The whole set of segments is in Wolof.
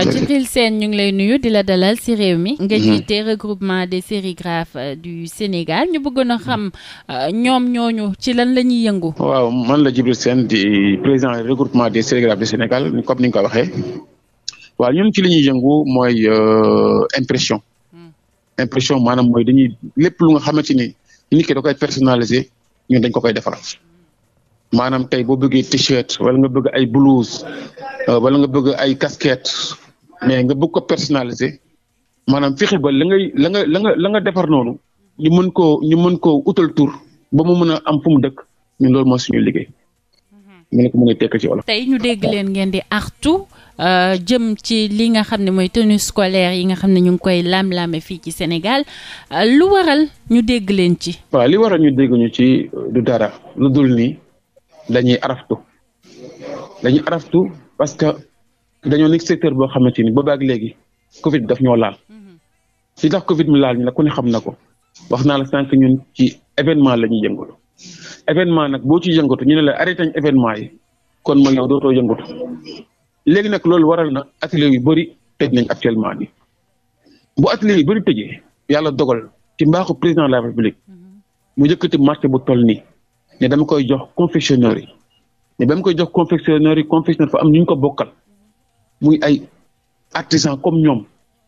Djibril euh, Sène ñu ngi lay nuyu di la dalal ci réew mi mhm. nga jiite regroupement des sérigraphes euh, du Sénégal ñu bëggoon a xam euh, ñoom ñooñu ci lan la ñuy yëngu waaw man la Djibril Sène di président regroupement des sérigraphes du Sénégal comme ni nga ko waxee waaw ñun ci li ñuy yëngu mooy impression hmm. impression maanaam mooy dañuy lépp lu nga xamante ni nit ki da koy personnalisé ñun dañ ko koy defar maanaam tey boo bëggee t-shirt wala nga bëgg ay blouse wala nga bëgg ay casquette mais nga bëgg ko personnaliser maanaam fexe ba la nga la nga la nga defar noonu ñu mën koo ñu mën koo utal tur ba mu mën a am fu mu dëkk ñun loolu mooy suñu liggéey. ñu mhm. ne ko mën a tekk ci wolof. tey ñu dégg leen ngeen di artu euh, jëm ci li nga xam ne mooy tenue scolaire yi nga xam ne ñu ngi koy laam-laame fii ci Sénégal euh, lu waral ñu dégg leen ci. waa li waral ñu dégg ñu ci du dara lu dul nii dañuy araftu dañuy araftu parce dañoo nekk secteur boo xamante ni boobaag léegi Covid daf ñoo laal li tax Covid mu laal ñu nag ne xam na ko wax naa la sànq ñun ci événement la ñuy yëngatu événement nag boo ci yëngatu ñu ne la arrêté nañ événement yi kon mooy yow dootoo yëngatu léegi nag loolu waral na atelier yu bëri tëj nañ actuellement nii bu atelier yu bëri tëjee yàlla dogal ci mbaaxu président la république mu yëkkati marché bu tol nii ne dama koy jox confectionnaire yi mais ba mu koy jox confectionnaire yi confectionnaire fa am ñu ñu ko bokkal. muy ay artisan comme ñoom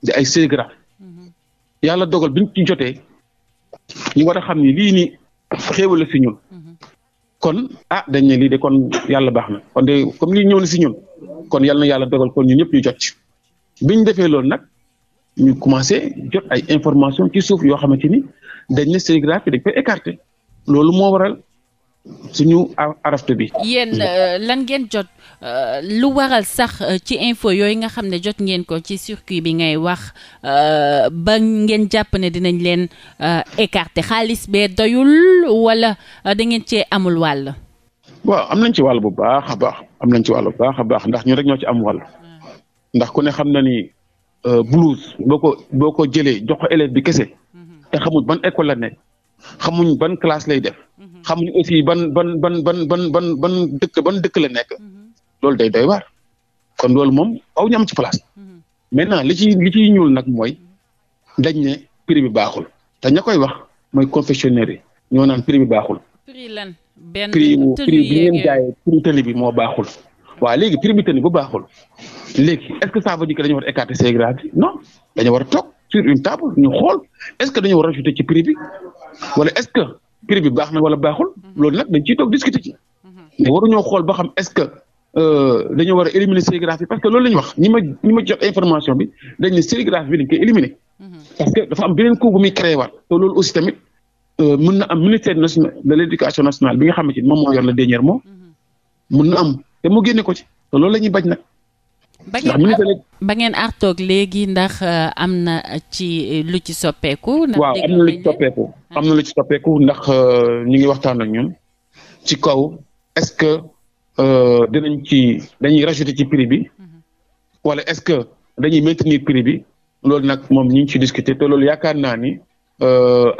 di ay sérigraphe yàlla dogal biñ ci jotee ñu war a xam ni lii nii xéewal la si ñun kon ah dañ ne lii de kon yàlla baax na kon de comme li ñëw na si ñun kon yàlla na yàlla dogal kon ñu ñëpp ñu jot ci biñ defee loolu nag ñu commencé jot ay information ci suuf yoo xamante ni dañ ne sérigraphie dañ koy écarté loolu moo waral suñu araftu bi. yéen euh, lan ngeen jot euh, lu waral sax euh, ci info yooyu nga xam ne jot ngeen ko ci circuit bi ngay wax ba ngeen jàpp ne dinañ leen écarter xaalis bee doyul wala da ngeen cee amul wàll. wa am nañ ci wàll bu baax a baax am nañ ci wàll bu baax a ndax ñu rek ñoo ci am wàll ndax ku xam na ni blouse boo ko boo ko jëlee jox ko élève bi kese mhm. te xamuñ ban école la nekk xamuñ ban classe lay def. Mhm. xamuñu aussi ban ban ban ban ban ban ban dëkk ban dëkk la nekk mm-hmm. loolu day day war kon loolu moom aw ñu am ci place mm-hmm. maintenant li ci li ciy ñuul nag mooy mm-hmm. dañ ne prix bi baaxul te ña koy wax mooy confectionnaire yi ñoo naan prix bi baaxul. prix lan benn prix bi ngeen jaayee prix bi moo baaxul waaw léegi prix bi tëli bu baaxul léegi est-ce que ça veut dire war a écarter ces grades war a toog sur une table ñu xool est-ce que dañu war a rajouter ci prix bi wala est-ce que. prix bi baax na wala baaxul mhm. loolu nag dañ ciy toog discuter ci mais mhm. waruñoo xool ba xam est-ce que euh, dañoo war a éliminer parce que loolu la wax ñi ma information bi dañ ne sérigraphie bi dañ koy éliminer mhm. parce que dafa am beneen coup bu muy créé waat aussi tamit euh, mën na am ministère na am te mu génne ko ci te loolu la ñuy bañ nag. ba ngeen ba ngeen artoog léegi ndax euh, am na ci euh, lu ci soppeeku. waaw am na lu ci soppeeku. Ah. am na lu ci soppeeku ndax euh, ñu ngi waxtaan ak ñun ci kaw est-ce que dinañ ci dañuy rajouter ci prix bi mm-hmm. wala est-ce que dañuy maintenir prix bi loolu nag moom ñu ngi ci discuter te loolu yaakaar naa ni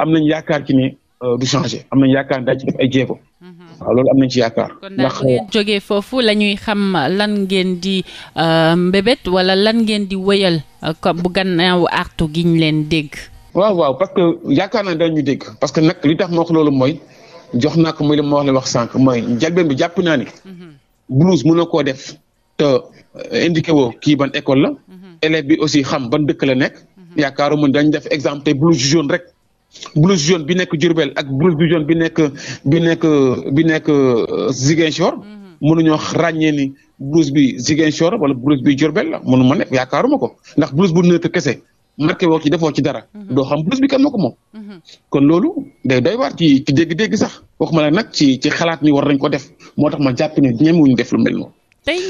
am nañ yaakaar ci ni. Euh, du changé am nañ yaakaar daa ci def ay jéego. Mhm. waaw loolu la ñuy xam lan ngeen di euh, mbébét wala lan ngeen di wëyal comme euh, bu gannaaw artu gi ñu leen dégg. waaw waaw parce que yaakaar naa dañu dégg parce que nag li tax ma wax loolu mooy jox naa ko muy li ma wax la wax sànq mooy njëlbeen bi jàpp naa ni. Mhm. blouse mënoo koo def te indiqué woo kii école la. Mhm. élève bi aussi xam ban dëkk la nekk. yaakaaru mën dañ def exemple tey blouse jaune rek. blouse jaune bi nekk Diourbel ak blouse bu jaune bi nekk bi nekk bi nekk euh, Ziguinchor mm-hmm. mënuñoo ràññee ni blouse bi Ziguinchor wala blouse bi Diourbel la mënu ma ne yaakaaruma ko ndax blouse bu neutre kese marqué woo ci defoo ci dara mm-hmm. doo xam blouse bi kan moo ko moom mm-hmm. kon loolu day doy waar ci ci dégg-dégg sax waxuma la nag ci ci xalaat ni war nañ ko def moo tax ma jàpp ne ñemewuñu def lu mel noonu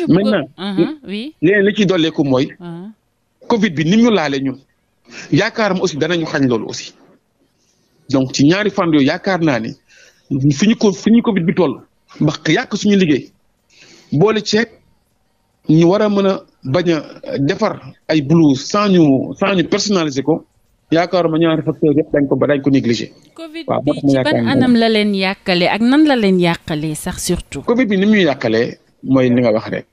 maintenant uh-huh, leneen li ciy dolleeku mooy uh-huh. covid bi ni ñu laale ñun yaakaaruma aussi danañu xañ loolu aussi donc ci ñaari fànn yooyu yaakaar naa ni fi ñu ko fi ñu Covid bi tool ba yàq suñu liggéey boole ceeb ñu war a mën a bañ a defar ay blouse sans ñu sans ñu personnaliser ko yaakaaruma ñaari facteurs yëpp dañ ko ba dañ ko négligé. waaw Covid bi ci ban anam la leen yàqalee ak nan la leen yàqalee sax surtout. Covid bi ni muy yàqalee mooy li nga wax rek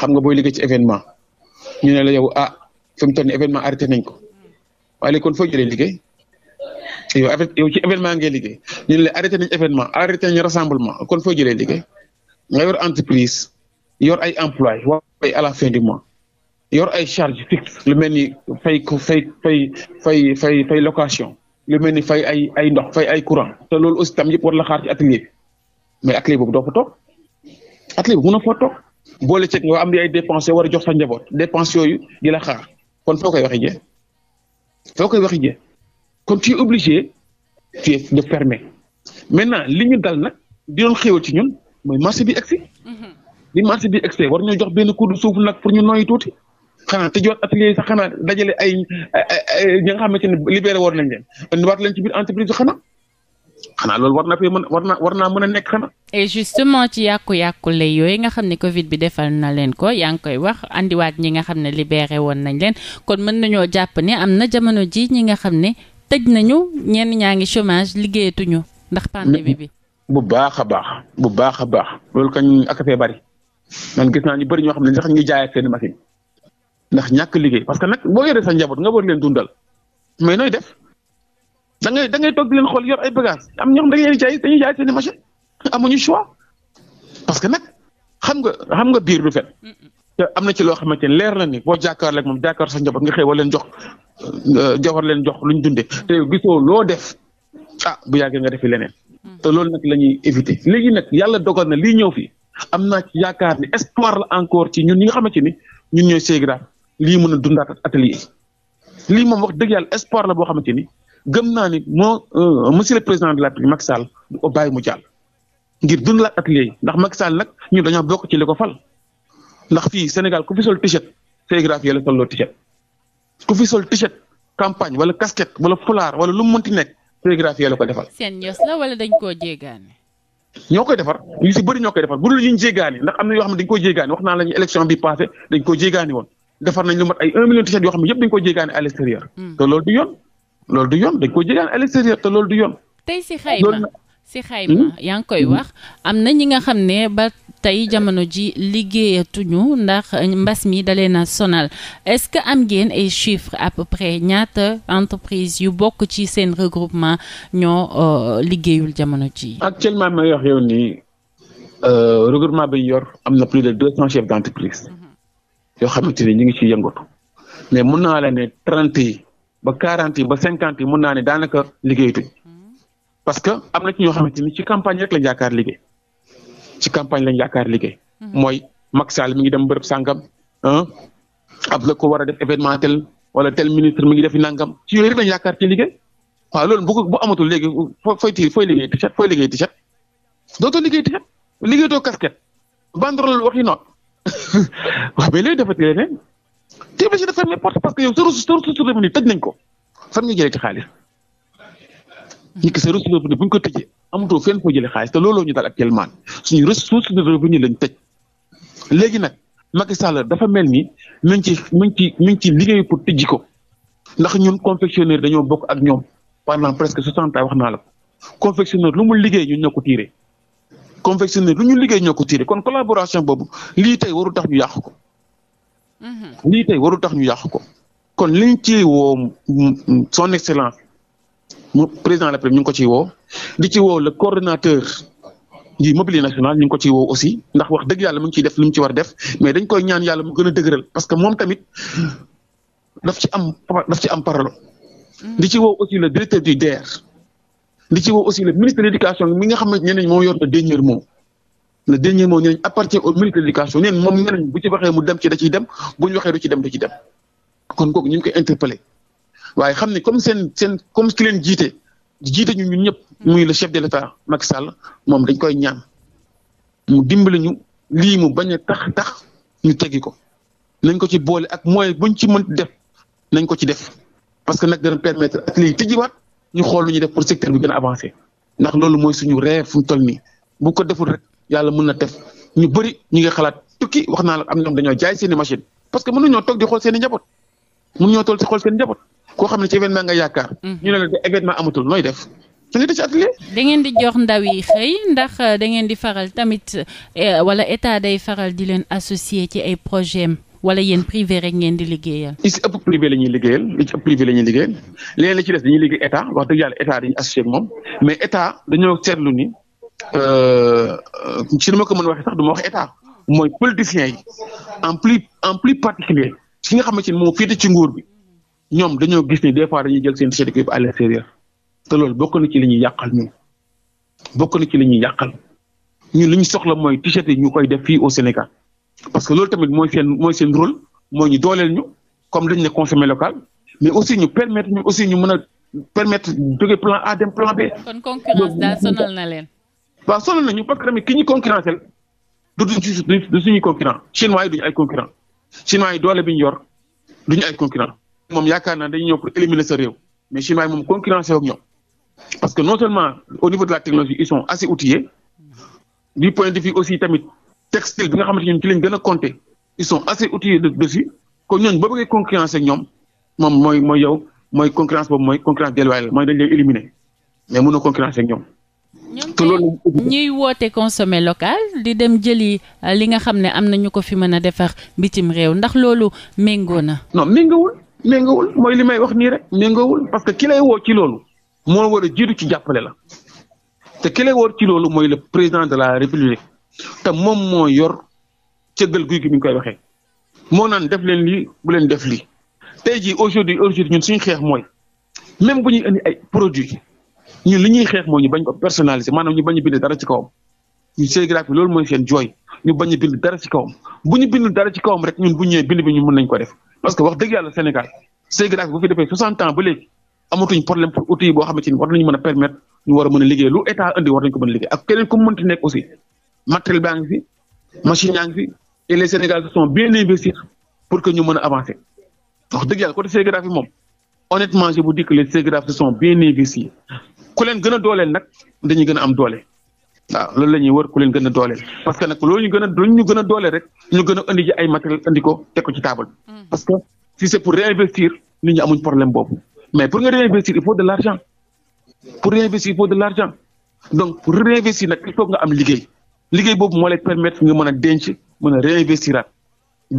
xam nga booy liggéey ci événement ñu ne la yow ah fi mu événement arrêté nañ ko waaye kon foo jëlee liggéey. yow avec yow ci événement ngay liggéey ñu ne la arrêté nañ événement arrêté nañ rassemblement yor entreprise yor ay employé war ay à la yor ay charge lu mel ni fay fay fay fay fay fay location lu mel ni fay ay ay ndox fay ay courant te loolu aussi yëpp war la xaar ci atelier bi mais atelier boobu doo fa na foo toog boole ceeb nga am ay dépenses war a jox sa njaboot dépenses yooyu di la xaar kon foo koy waxee jee koy waxee kon tu es obligé tu es de fermer maintenant li ñu dal nag di doon xéwal ci ñun mooy marché bi egsi mhm. li marché bi egsi war ñoo jox benn kuréel suuf nag pour ñu nooyi tuuti xanaa tëjwaat atelier yi sax xanaa dajale ay ñi nga xamante ne libéré woon nañ leen indiwaat leen ci biir entreprise xanaa na fee mën na war naa mën a nekk xanaa. et justement ci yàqu-yàqule yooyu nga xam ne Covid bi defal na leen ko yaa ngi koy wax andiwaat ñi nga xam ne libéré woon nañ leen kon mën nañoo jàpp ne am na jamono ji ñi nga xam ne tëj nañu ñenn ñaa ngi chômage liggéeyatuñu ndax pandémie bi. bu baax a baax bu baax a baax loolu kañ ak fee bari man gis naa ñu bari ñoo xam ne sax ñuy jaay ak seen machine ndax ñàkk liggéey parce que nag boo yoree sa njaboot nga war leen dundal mais nooy def da ngay da toog leen xool yor ay bagage am ñoo xam da ngeen jaay dañuy jaay seen machine amuñu choix parce que nag xam nga xam nga biir du fen te am na ci loo xamante ne leer na ni boo jàkkaarloo ak moom jàkkaar sa njaboot nga xëy wala leen jox Euh, jabar leen jox luñ dundee mm. te gisoo loo def a ah, bu yàggee nga defi leneen mm. te loolu nag la ñuy éviter léegi nag yàlla dogal na lii ñëw fi am na ci yaakaar ni espoir la encore ci ñun yi nga xamante ni ñun ñooy Seigraf lii mën a dundaat atelier lii moom wax dëgg yàlla espoir la boo xamante ni gëm naa ni moo euh, monsieur le président de la République Macky Sall du ko bàyyi mu jàll ngir dundalaat atelier yi ndax Macky Sall nag ñun dañoo bokk ci li ko fal ndax fii Sénégal ku fi sol t-shirt Seigraf yàlla solloo t ku fi sol t-shirt campagne wala casquette wala fulaar wala lu mu mënti la ko defal. seen ños la wala dañ koo jéegaane. ñoo koy defar yu si bëri ñoo koy defar bu dul ñu ndax am na yoo koy jéegaane wax naa la élection bi passé dañ koy jéegaane woon defar nañ lu mat ay 1 million t-shirt yoo xam ne yëpp dañ koy jéegaane à hmm. te loolu du yoon loolu du yoon dañ koy jéegaane à te loolu du yoon. tey si xayma si xayma hmm? tey jamono ji liggéeyatuñu ndax mbas mi dalee na sonal est-ce que am ngeen ay chiffres à peu près ñaata entreprise yu bokk ci seen regroupement ñoo euh, liggéeyul jamono ji actuellement ma wax yow nii euh, regroupement bi yor am na plus de deux cent chefs d'entreprise mhm. yoo xamante ni ñu ngi ci yëngatu mais mun naa la ne trente yi ba quarante yi ba cinquante yi mun naa ne daanaka liggéeyatuñ mhm. parce que am na ci ñoo xamante ni ci campagne rek la jaakaar liggéey ci campagne lañ yaakaar liggéey. Mhm. mooy Macky mi ngi dem bërëb sàngam ah ab la ko war a def événement tel wala tel ministre mi ngi def nangam ci yooyu rek lañ yaakaar ci liggéey waaw loolu bu ko bu amatul léegi fo fooy ti fooy liggéey t-shirt fooy liggéey t-shirt dootoo liggéey t-shirt liggéeytoo casquette banderole waxi noot waaw mais léegi defati leneen te bi si dafa n'importe parce yow sa ressource sa ressource revenu nañ ko fan nga jëlee ci xaalis ñi ki sa ressource revenu bu ñu ko tëjee amatoo fenn foo jëlee xaalis te looloo ñu dal actuellement suñu ressource de revenu lañ tëj léegi nag Macky Sall dafa mel ni mi ngi ci mi ngi ci mi ngi ci liggéey pour tijji ko ndax ñun confectionneur dañoo bokk ak ñoom pendant presque soixante ans wax naa la ko confectionneur lu mu liggéey ñun ñoo ko tiiree confectionneur lu ñu liggéey ñoo ko tiiree kon collaboration boobu lii tey waru tax ñu yàq ko. Mm-hmm. lii tey waru tax ñu yàq ko. kon liñ ci woo son excellence mu président de la République ñu ngi ko ciy woo di ci woo le coordonnateur du mobilier national ñu ngi ko ciy woo aussi ndax wax dëgg yàlla mu ngi ciy def lu ci war def mais dañ koy ñaan yàlla mu gën a dëgëral parce que moom tamit daf ci am daf ci am parole. di ci woo aussi le directeur du DER. di ci wo aussi le ministre de l'éducation mi nga xam ne ñeneen moo yor le dernier moom le dernier mot ñeneen appartient au ministre de l'éducation ñeneen moom ñeneen bu ci waxee mu dem ci da ciy dem ñu waxee du ci dem du ci dem kon kooku ñu ngi koy interpellé. waaye xam ne comme seen seen comme ki jiite jiite ñu ñun ñëpp muy le chef de l'état nag Sall moom dañ koy ñaan mu dimbali ñu lii mu bañ a tax tax ñu teggi ko nañ ko ci boole ak mooy buñ ci mën def nañ ko ci def parce que nag dana permettre ak lii tijjiwaat ñu xool lu ñuy def pour secteur bi gën a avancé ndax loolu mooy suñu rêve fu mu toll nii bu ko deful rek yàlla mën na def ñu bëri ñu ngi xalaat tukki wax naa la am ñoom dañoo jaay seen i machine parce que mënuñoo toog seen i njaboot mënuñoo tool si xool koo xam ne ci événement nga yaakaar. Mhm. ñu ne la événement amatul nooy def. da ngeen di jox ndaw yi xëy ndax euh, da ngeen di faral tamit euh, wala état day faral di leen associé ci ay projet am wala yéen privé rek ngeen di liggéeyal. li ci ëpp privé la ñuy liggéeyal li ci la ñuy liggéeyal léeg la ci des dañuy liggéey état wax dëgg yàlla état dañuy associé moom mais état dañoo seetlu ni euh, ci nu ma ko mën waxee sax du ma wax état mooy politiciens yi en plus en plus particulier ci nga xamante ni moom féete ci nguur bi. ñoom dañoo gis ni des fois dañuy jël seen chef d'équipe à l'extérieur te loolu bokk na ci li ñuy yàqal ñu bokk na ci li ñuy yàqal ñun li ñu soxla mooy t yi ñu koy def fii au Sénégal parce que loolu tamit mooy seen mooy seen rôle mooy ñu dooleel ñu comme dañ ne consommer local mais aussi ñu permettre ñu aussi ñu mën a permettre jóge plan A dem plan B. kon concurrence daal sonal na leen. waaw sonal nañu parce que tamit ki ñu concurrencé du du du suñuy concurrent chinois ay concurrent chinois yi doole bi ñu yor duñu ay concurrent moom yaakaar naa dañuy ñëw pour éliminer sa réew mais chinois yi moom concurrencé ak ñoom parce que non seulement au niveau de la technologie ils sont assez outillés du point de vue aussi tamit textile bi nga xamante ñun ci lañ gën a compter ils sont assez ñoom moom mooy mooy yow mooy concurrence boobu mooy concurrence déloyale la mooy dañ lay éliminer mais mënoo concurrencé ak te loolu ñuy woote consommer local di dem jëli euh, li nga xam ne am na ñu ko fi mën a defar bitim réew ndax loolu méngoo na. non méngoowul. méngawul mooy li may wax nii rek méngawul parce que ki lay woo ci loolu moo war a jiitu ci jàppale la te ki ci loolu mooy le président de la république te moom moo yor cëggal guy gi bi ngi koy waxee moo naan def leen lii bu leen def lii tey jii aujourd'hui aujourd'hui ñun suñu xeex mooy même bu ñu indi ay produits ñun li ñuy xeex mooy ñu bañ ko personnaliser maanaam ñu bañ a bind dara ci kawam ñu sérigraphie loolu mooy seen jooy ñu bañ a bind dara ci kawam bu ñu bind dara ci kawam rek ñun bu ñëwee bind bi ñu mën nañ ko def. parce que wax dëgg yàlla Sénégal Seydou Daak bu fi defee 60 ans ba léegi amatuñ problème pour outil boo xamante ni war nañu mën a permettre ñu war a mën a liggéey lu état indi war nañu ko mën a liggéey ak keneen ku mu nekk aussi matériel baa ngi fi machine yaa ngi fi et les Sénégalais sont bien pour que ñu mën a avancer wax dëgg yàlla côté Seydou Daak bi moom honnêtement je vous dis que les Seydou Daak se sont bien ku leen gën a dooleel nag dañuy gën a am doole. waaw loolu la ñuy wër ku leen gën a dooleel parce que nag loolu ñu gën a rek ñu gën a ay matériel indi ko teg ko ci table mm. parce que si c'est pour réinvestir nit ñi amuñ problème boobu mais pour nga réinvestir il faut de l'argent pour réinvestir il faut de l'argent donc pour réinvestir nag il faut nga am liggéey liggéey boobu moo lay permettre nga mën a denc mën a réinvestiraat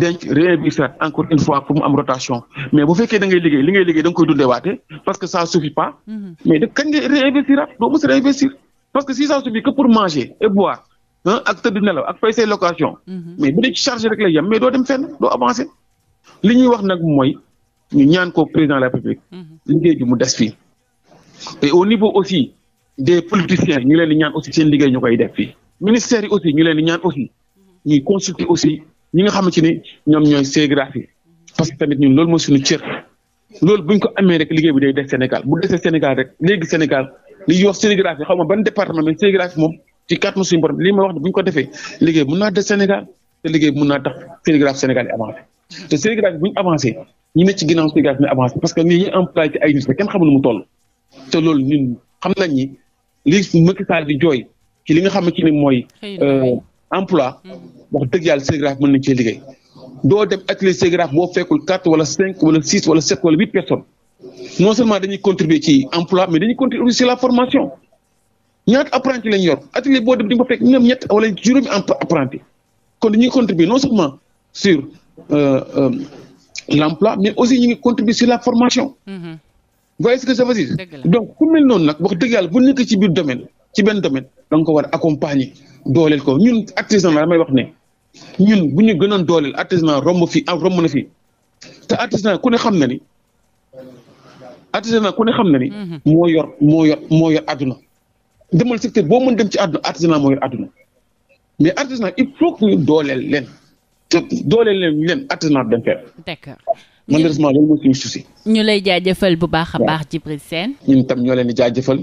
denc réinvestiraat encore une fois pour am rotation mais bu fekkee da liggéey liggéey da koy dundee parce que si ça suffit que pour manger et boire ah ak tëdd nelaw ak fay location. Mhm. mais bu dee ci charge rek lay yem mais doo dem fenn doo avancer. li ñuy wax nag mooy ñu ñaan ko président de la République. Mhm. liggéey bi mu des fii. et au niveau aussi des politiciens ñu leen di ñaan aussi seen liggéey ñu koy def fi ministères yi aussi leen di ñaan aussi ñuy consulter aussi ñi nga xamante ni ñoom ñooy ségraphie parce que tamit ñun loolu mooy suñu cër. loolu buñ ko amee rek liggéey bi day des Sénégal bu desee Sénégal rek léegi Sénégal li ñuy wax sérigraphie xaw ma ban département mais sérigraphie moom ci kàttanu suñu borom lii ma wax ne bu ko defee liggéey mën naa des Sénégal te liggéey mën naa tax sérigraphie Sénégal yi avancé te bu ñu avancé ñu ne ci ginnaaw sérigraphie ñu parce que nii ñu employé ci te loolu ñun xam nañ ñi li Macky Sall di jooy ci li nga xam xamante ne mooy euh, emploi hmm. wax dëgg yàlla sérigraphie mën nañ cee liggéey doo dem atelier sérigraphie boo fekkul quatre wala cinq wala six wala sept wala huit personnes non seulement dañuy contribuer ci emploi mais dañuy contribuer aussi la formation ñaata apprenti lañ yor atelier boo dem di nga fekk ñoom ñett wala juróomi apprenti kon dañuy contribuer non seulement sur euh, euh, l'emploi mais aussi ñu ngi contribuer sur la formation. Mm-hmm. vous voyez ce que ça veut dire. donc ku mel noonu nag wax dëgg yàlla bu nekk ci biir domaine ci benn domaine da nga ko war a accompagner dooleel ko ñun artisanat la damay wax ne ñun bu ñu gënoon dooleel artisanat romb fii ak romb fii te ku ne xam na ni. artisanat nag ku ne xam na ni. Mhm. moo yor moo yor moo yor àdduna. demal secteur boo mën dem ci àdduna artisanat moo yor àdduna mais artisanat il faut que dooleel leen te dooleel leen leen artisanat dem feer. d'accord malheureusement loolu mooy suñu souci. ñu lay jaajëfal bu baax a baax. Djibril Sène ñun tam ñoo leen di jaajëfal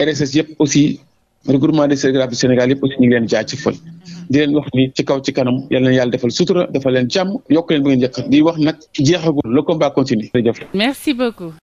RSS yëpp aussi regroupement des services du Sénégal yëpp aussi ñu ngi leen di jaajëfal. Mhm. di leen wax ni ci kaw ci kanam yal na yàlla defal sutura defal leen jàmm yokk leen bu ngeen jëkk di wax nag jeexagul le combat continue. jërëjëf merci beaucoup.